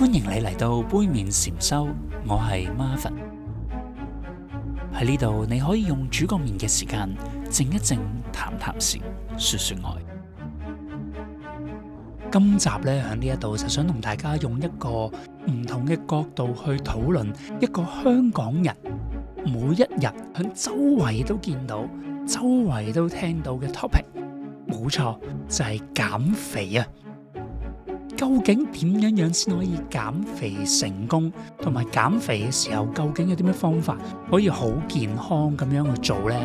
歡迎你嚟到杯麵禪修，我係 Marvin。喺呢度，你可以用煮個麵嘅時間靜一靜、談談事、說說愛。今集咧喺呢一度就想同大家用一個唔同嘅角度去討論一個香港人每一日喺周圍都見到、周圍都聽到嘅 topic，冇錯就係減肥啊！究竟點樣樣先可以減肥成功，同埋減肥嘅時候究竟有啲咩方法可以好健康咁樣去做呢？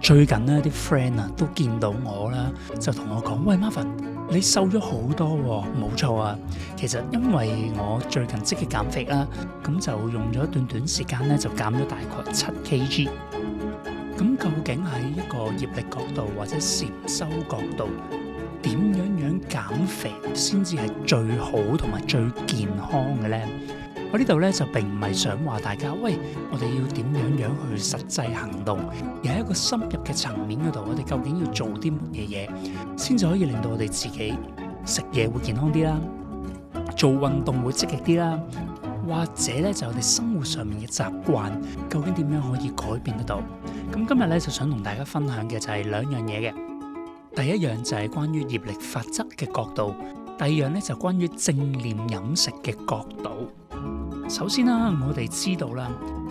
最近呢啲 friend 啊都見到我啦，就同我講：喂，Marvin，你瘦咗好多喎，冇錯啊！其實因為我最近積極減肥啦，咁就用咗一段短時間咧，就減咗大概七 kg。咁究竟喺一個業力角度或者禪修角度？點樣樣減肥先至係最好同埋最健康嘅呢？我呢度呢，就並唔係想話大家，喂，我哋要點樣樣去實際行動，而係一個深入嘅層面嗰度，我哋究竟要做啲乜嘢嘢，先至可以令到我哋自己食嘢會健康啲啦，做運動會積極啲啦，或者呢，就我哋生活上面嘅習慣，究竟點樣可以改變得到？咁今日呢，就想同大家分享嘅就係兩樣嘢嘅。第一樣就係關於業力法則嘅角度，第二樣咧就關於正念飲食嘅角度。首先啦、啊，我哋知道啦，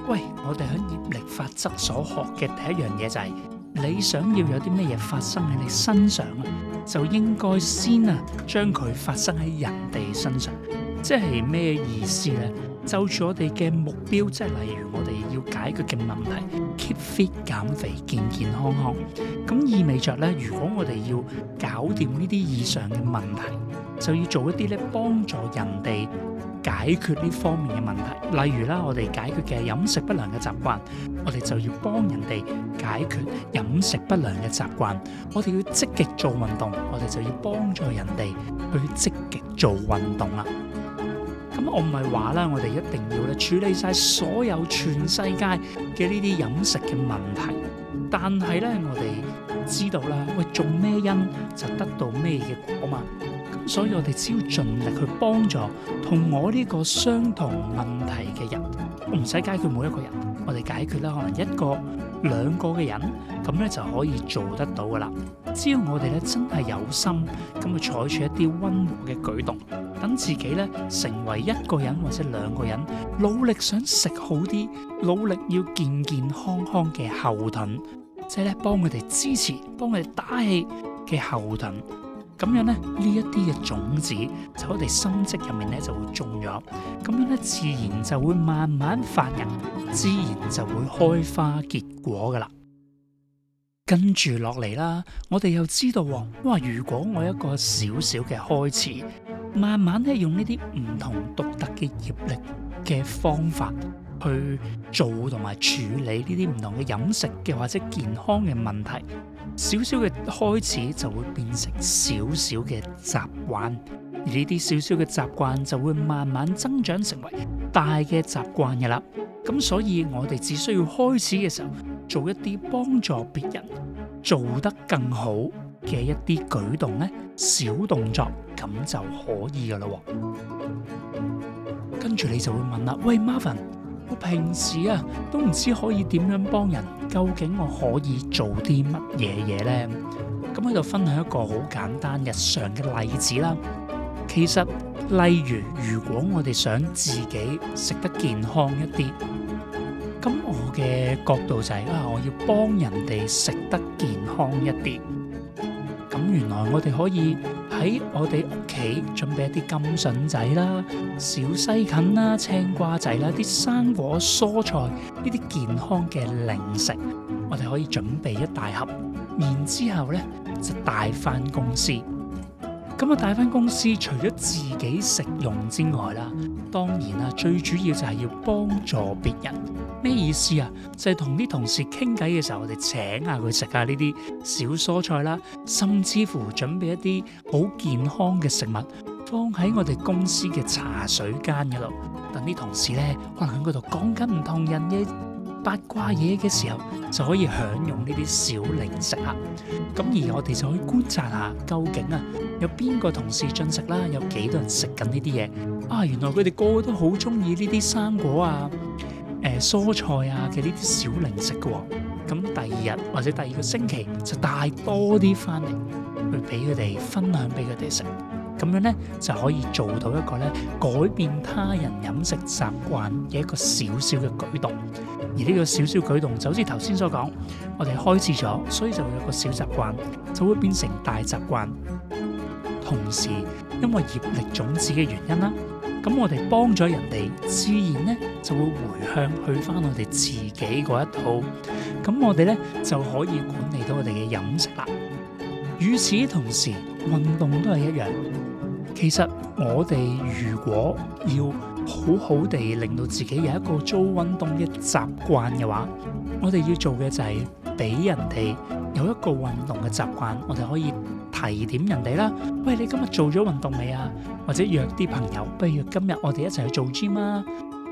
喂，我哋喺業力法則所學嘅第一樣嘢就係、是，你想要有啲咩嘢發生喺你身上啊，就應該先啊將佢發生喺人哋身上，即係咩意思呢？就住我哋嘅目標，即係例如我哋要解決嘅問題，keep fit、減肥、健健康康，咁意味着咧，如果我哋要搞掂呢啲以上嘅問題，就要做一啲咧幫助人哋解決呢方面嘅問題。例如啦，我哋解決嘅飲食不良嘅習慣，我哋就要幫人哋解決飲食不良嘅習慣。我哋要積極做運動，我哋就要幫助人哋去積極做運動啦。咁我唔係話啦，我哋一定要咧處理晒所有全世界嘅呢啲飲食嘅問題。但係咧，我哋知道啦，喂，種咩因就得到咩嘅果嘛。咁所以我哋只要盡力去幫助同我呢個相同問題嘅人，我唔使解決每一個人，我哋解決啦，可能一個兩個嘅人，咁咧就可以做得到㗎喇。只要我哋咧真係有心，咁去採取一啲溫和嘅舉動。等自己咧成為一個人或者兩個人，努力想食好啲，努力要健健康康嘅後盾，即係咧幫佢哋支持、幫佢哋打氣嘅後盾。咁樣咧呢一啲嘅種子，就喺我哋心積入面咧就會種咗，咁樣咧自然就會慢慢發芽，自然就會開花結果噶啦。跟住落嚟啦，我哋又知道，哇！如果我一個小小嘅開始，慢慢咧用呢啲唔同獨特嘅業力嘅方法去做同埋處理呢啲唔同嘅飲食嘅或者健康嘅問題，小小嘅開始就會變成小小嘅習慣，而呢啲小小嘅習慣就會慢慢增長成為大嘅習慣嘅啦。咁所以我哋只需要開始嘅時候。做一啲幫助別人做得更好嘅一啲舉動咧，小動作咁就可以噶啦。跟住你就會問啦：喂，Marvin，我平時啊都唔知可以點樣幫人，究竟我可以做啲乜嘢嘢呢？咁喺度分享一個好簡單日常嘅例子啦。其實，例如如果我哋想自己食得健康一啲。咁我嘅角度就係啊，我要幫人哋食得健康一啲。咁原來我哋可以喺我哋屋企準備一啲金笋仔啦、小西芹啦、青瓜仔啦、啲生果、蔬菜呢啲健康嘅零食，我哋可以準備一大盒，然之後呢就帶翻公司。咁我帶翻公司，除咗自己食用之外啦，當然啦、啊，最主要就係要幫助別人。咩意思啊？就係同啲同事傾偈嘅時候，我哋請下佢食下呢啲小蔬菜啦，甚至乎準備一啲好健康嘅食物，放喺我哋公司嘅茶水間嗰度，等啲同事呢，可能喺嗰度講緊唔同人嘅八卦嘢嘅時候，就可以享用呢啲小零食啦。咁而我哋就可以觀察下，究竟啊有邊個同事進食啦，有幾多人食緊呢啲嘢啊？原來佢哋個個都好中意呢啲生果啊、呃、蔬菜啊嘅呢啲小零食嘅。咁、嗯、第二日或者第二個星期就帶多啲翻嚟，去俾佢哋分享俾佢哋食。咁樣呢，就可以做到一個呢改變他人飲食習慣嘅一個小小嘅舉動。而呢個小小舉動，就好似頭先所講，我哋開始咗，所以就會有個小習慣，就會變成大習慣。同時，因為業力種子嘅原因啦，咁我哋幫咗人哋，自然咧就會回向去翻我哋自己嗰一套。咁我哋咧就可以管理到我哋嘅飲食啦。與此同時，運動都係一樣。其實我哋如果要，好好地令到自己有一個做運動嘅習慣嘅話，我哋要做嘅就係俾人哋有一個運動嘅習慣，我哋可以提點人哋啦。喂，你今日做咗運動未啊？或者約啲朋友，不如今日我哋一齊去做 gym 啊？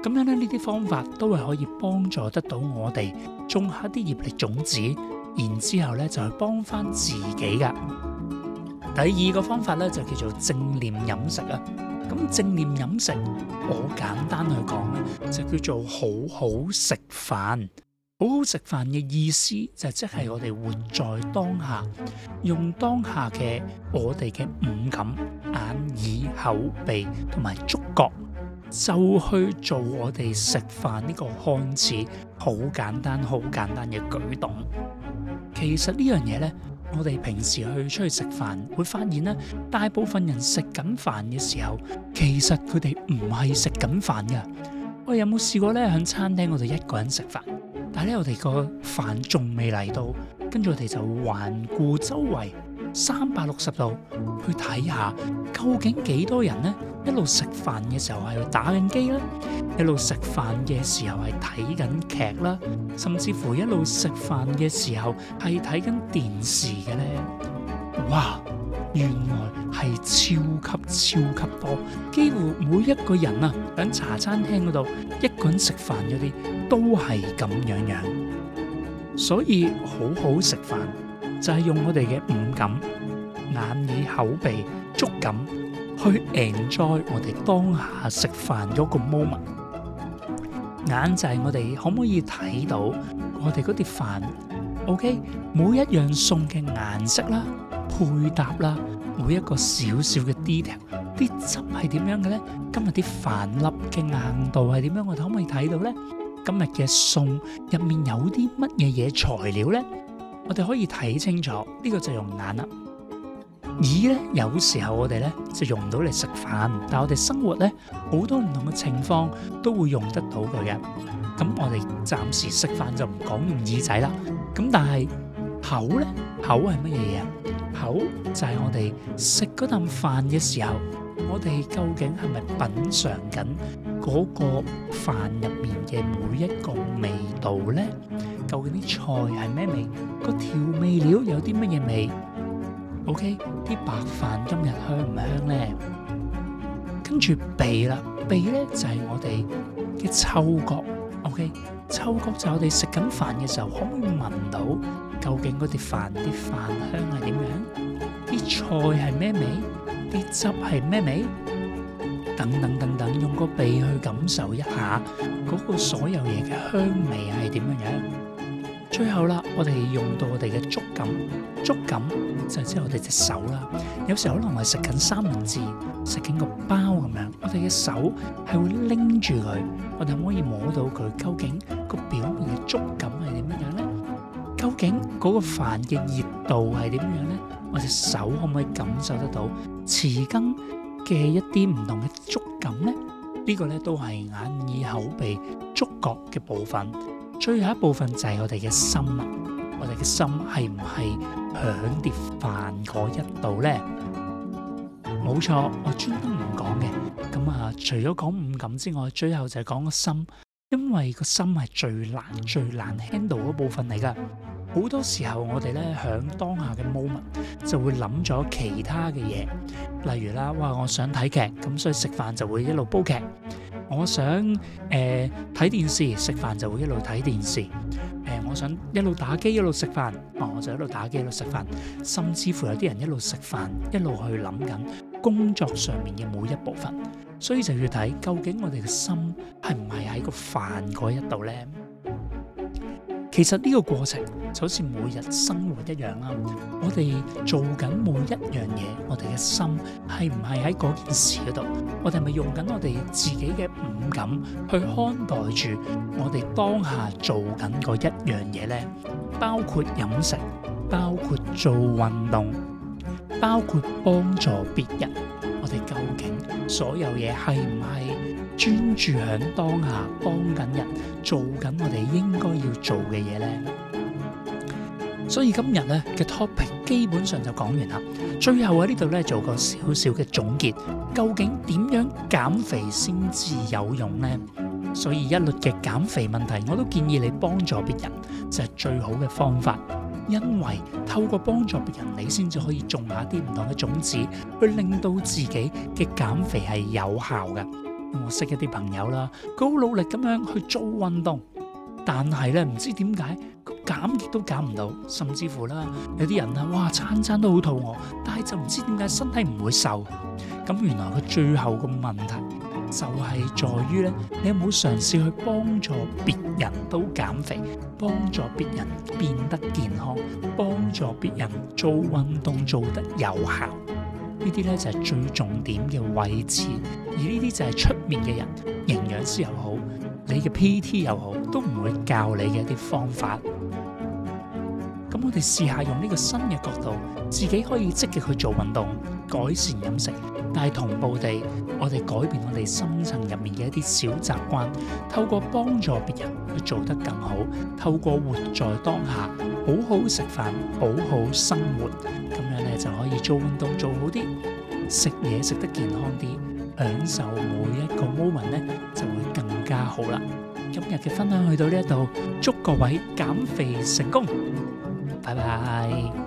咁樣咧，呢啲方法都係可以幫助得到我哋種下啲業力種子，然之後咧就去幫翻自己噶。第二個方法咧就叫做正念飲食啊。咁正念飲食，我簡單去講呢，就叫做好好食飯。好好食飯嘅意思就即係我哋活在當下，用當下嘅我哋嘅五感——眼、耳、口、鼻同埋觸覺——就去做我哋食飯呢個看似好簡單、好簡單嘅舉動。其實呢樣嘢呢。我哋平時去出去食飯，會發現咧，大部分人食緊飯嘅時候，其實佢哋唔係食緊飯㗎。我哋有冇試過咧？喺餐廳我哋一個人食飯，但係咧，我哋個飯仲未嚟到，跟住我哋就環顧周圍三百六十度去睇下，究竟幾多人呢？一路食飯嘅時候係去打緊機呢？一路食飯嘅時候係睇緊劇啦，甚至乎一路食飯嘅時候係睇緊電視嘅呢。哇，原來係超級超級多，幾乎每一個人啊喺茶餐廳嗰度一個人食飯嗰啲都係咁樣樣。所以好好食飯就係、是、用我哋嘅五感——眼、耳、口、鼻、觸感，去 enjoy 我哋當下食飯嗰個 moment。眼就係我哋可唔可以睇到我哋嗰啲飯，OK，每一樣餸嘅顏色啦、配搭啦，每一個小小嘅 detail，啲汁係點樣嘅咧？今日啲飯粒嘅硬度係點樣？我哋可唔可以睇到咧？今日嘅餸入面有啲乜嘢嘢材料咧？我哋可以睇清楚，呢個就用眼啦。耳咧，有時候我哋咧就用唔到嚟食飯，但係我哋生活咧好多唔同嘅情況都會用得到佢嘅。咁我哋暫時食飯就唔講用耳仔啦。咁但係口咧，口係乜嘢啊？口就係我哋食嗰啖飯嘅時候，我哋究竟係咪品嚐緊嗰個飯入面嘅每一個味道咧？究竟啲菜係咩味？那個調味料有啲乜嘢味？OK，啲白飯今日香唔香咧？跟住鼻啦，鼻咧就係我哋嘅嗅覺。OK，嗅覺就我哋食緊飯嘅時候，可唔可以聞到究竟嗰啲飯啲飯香係點樣？啲菜係咩味？啲汁係咩味？等等等等，用個鼻去感受一下嗰個所有嘢嘅香味係點樣？最後啦，我哋用到我哋嘅觸感，觸感就係即係我哋隻手啦。有時候可能係食緊三文治，食緊個包咁樣，我哋嘅手係會拎住佢，我哋可唔可以摸到佢究竟個表面嘅觸感係點樣呢？究竟嗰個飯嘅熱度係點樣呢？我隻手可唔可以感受得到匙羹嘅一啲唔同嘅觸感呢？呢個呢都係眼耳口鼻觸覺嘅部分。最後一部分就係我哋嘅心啊！我哋嘅心係唔係響碟飯嗰一度呢？冇錯，我專登唔講嘅。咁啊，除咗講五感之外，最後就係講個心，因為個心係最難、最難 handle 嗰部分嚟㗎。好多時候我哋咧響當下嘅 moment 就會諗咗其他嘅嘢，例如啦，哇，我想睇劇，咁所以食飯就會一路煲劇。我想誒睇、呃、電視，食飯就會一路睇電視，誒、呃、我想一路打機一路食飯、哦，我就一路打機一路食飯，甚至乎有啲人一路食飯一路去諗緊工作上面嘅每一部分，所以就要睇究竟我哋嘅心係唔係喺個飯嗰一度呢？其實呢個過程就好似每日生活一樣啦。我哋做緊每一樣嘢，我哋嘅心係唔係喺嗰件事嗰度？我哋係咪用緊我哋自己嘅五感去看待住我哋當下做緊嗰一樣嘢呢？包括飲食，包括做運動，包括幫助別人，我哋究竟所有嘢係唔係？專注響當下，幫，幫緊人，做緊我哋應該要做嘅嘢呢，所以今日咧嘅 topic 基本上就講完啦。最後喺呢度咧做個少少嘅總結，究竟點樣減肥先至有用呢？所以一律嘅減肥問題，我都建議你幫助別人就係最好嘅方法，因為透過幫助別人，你先至可以種下啲唔同嘅種子，去令到自己嘅減肥係有效嘅。我識一啲朋友啦，佢好努力咁樣去做運動，但係咧唔知點解減極都減唔到，甚至乎啦有啲人呀，哇餐餐都好肚餓，但係就唔知點解身體唔會瘦。咁原來佢最後個問題就係在於咧，你有冇嘗試去幫助別人都減肥，幫助別人變得健康，幫助別人做運動做得有效？呢啲咧就係、是，最重點嘅位置。而呢啲就係出。面嘅人，營養師又好，你嘅 PT 又好，都唔會教你嘅一啲方法。咁我哋試下用呢個新嘅角度，自己可以積極去做運動，改善飲食，但係同步地，我哋改變我哋深層入面嘅一啲小習慣。透過幫助別人去做得更好，透過活在當下，好好食飯，好好生活，咁樣咧就可以做運動做好啲，食嘢食得健康啲。享受每一個 moment 咧，就會更加好啦。今日嘅分享去到呢一度，祝各位減肥成功，拜拜。